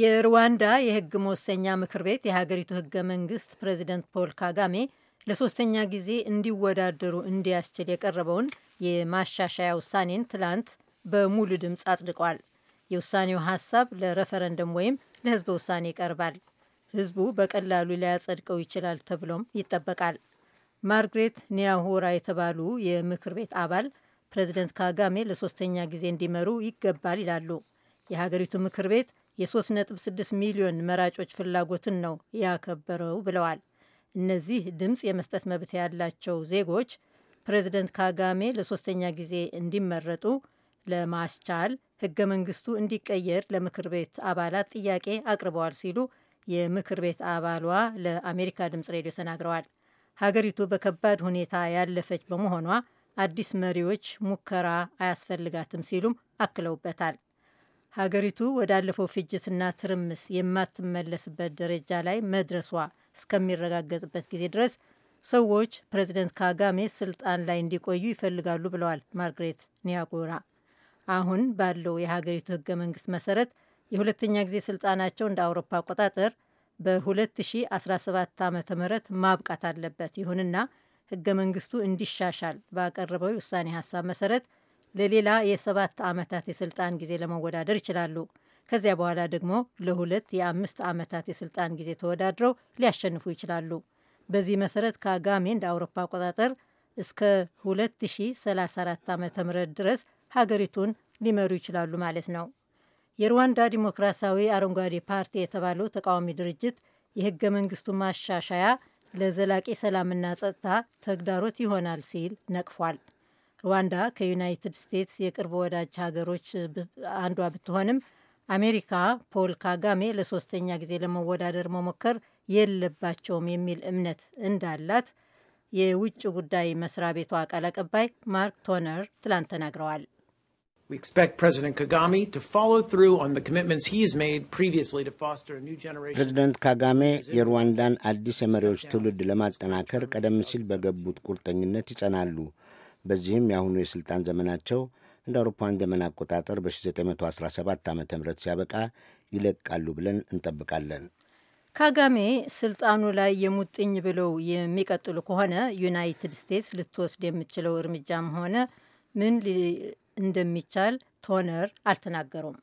የሩዋንዳ የህግ መወሰኛ ምክር ቤት የሀገሪቱ ህገ መንግስት ፕሬዚደንት ፖል ካጋሜ ለሶስተኛ ጊዜ እንዲወዳደሩ እንዲያስችል የቀረበውን የማሻሻያ ውሳኔን ትላንት በሙሉ ድምፅ አጽድቋል። የውሳኔው ሀሳብ ለረፈረንደም ወይም ለህዝበ ውሳኔ ይቀርባል። ህዝቡ በቀላሉ ሊያጸድቀው ይችላል ተብሎም ይጠበቃል። ማርግሬት ኒያሆራ የተባሉ የምክር ቤት አባል ፕሬዚደንት ካጋሜ ለሶስተኛ ጊዜ እንዲመሩ ይገባል ይላሉ። የሀገሪቱ ምክር ቤት የ3.6 ሚሊዮን መራጮች ፍላጎትን ነው ያከበረው ብለዋል። እነዚህ ድምፅ የመስጠት መብት ያላቸው ዜጎች ፕሬዚደንት ካጋሜ ለሶስተኛ ጊዜ እንዲመረጡ ለማስቻል ህገ መንግስቱ እንዲቀየር ለምክር ቤት አባላት ጥያቄ አቅርበዋል ሲሉ የምክር ቤት አባሏ ለአሜሪካ ድምፅ ሬዲዮ ተናግረዋል። ሀገሪቱ በከባድ ሁኔታ ያለፈች በመሆኗ አዲስ መሪዎች ሙከራ አያስፈልጋትም ሲሉም አክለውበታል። ሀገሪቱ ወዳለፈው ፍጅትና ትርምስ የማትመለስበት ደረጃ ላይ መድረሷ እስከሚረጋገጥበት ጊዜ ድረስ ሰዎች ፕሬዚደንት ካጋሜ ስልጣን ላይ እንዲቆዩ ይፈልጋሉ ብለዋል ማርግሬት ኒያጎራ። አሁን ባለው የሀገሪቱ ህገ መንግስት መሰረት የሁለተኛ ጊዜ ስልጣናቸው እንደ አውሮፓ አቆጣጠር በ2017 ዓ ም ማብቃት አለበት። ይሁንና ህገ መንግስቱ እንዲሻሻል ባቀረበው ውሳኔ ሀሳብ መሰረት ለሌላ የሰባት ዓመታት የስልጣን ጊዜ ለመወዳደር ይችላሉ። ከዚያ በኋላ ደግሞ ለሁለት የአምስት ዓመታት የስልጣን ጊዜ ተወዳድረው ሊያሸንፉ ይችላሉ። በዚህ መሰረት ካጋሜ እንደ አውሮፓ አቆጣጠር እስከ 2034 ዓ ም ድረስ ሀገሪቱን ሊመሩ ይችላሉ ማለት ነው። የሩዋንዳ ዲሞክራሲያዊ አረንጓዴ ፓርቲ የተባለው ተቃዋሚ ድርጅት የህገ መንግስቱ ማሻሻያ ለዘላቂ ሰላምና ጸጥታ ተግዳሮት ይሆናል ሲል ነቅፏል። ሩዋንዳ ከዩናይትድ ስቴትስ የቅርብ ወዳጅ ሀገሮች አንዷ ብትሆንም አሜሪካ ፖል ካጋሜ ለሶስተኛ ጊዜ ለመወዳደር መሞከር የለባቸውም የሚል እምነት እንዳላት የውጭ ጉዳይ መስሪያ ቤቷ ቃል አቀባይ ማርክ ቶነር ትላንት ተናግረዋል። ፕሬዚደንት ካጋሜ የሩዋንዳን አዲስ የመሪዎች ትውልድ ለማጠናከር ቀደም ሲል በገቡት ቁርጠኝነት ይጸናሉ። በዚህም የአሁኑ የሥልጣን ዘመናቸው እንደ አውሮፓውያን ዘመን አቆጣጠር በ1917 ዓ ም ሲያበቃ ይለቃሉ ብለን እንጠብቃለን። ካጋሜ ስልጣኑ ላይ የሙጥኝ ብለው የሚቀጥሉ ከሆነ ዩናይትድ ስቴትስ ልትወስድ የምችለው እርምጃም ሆነ ምን እንደሚቻል ቶነር አልተናገሩም።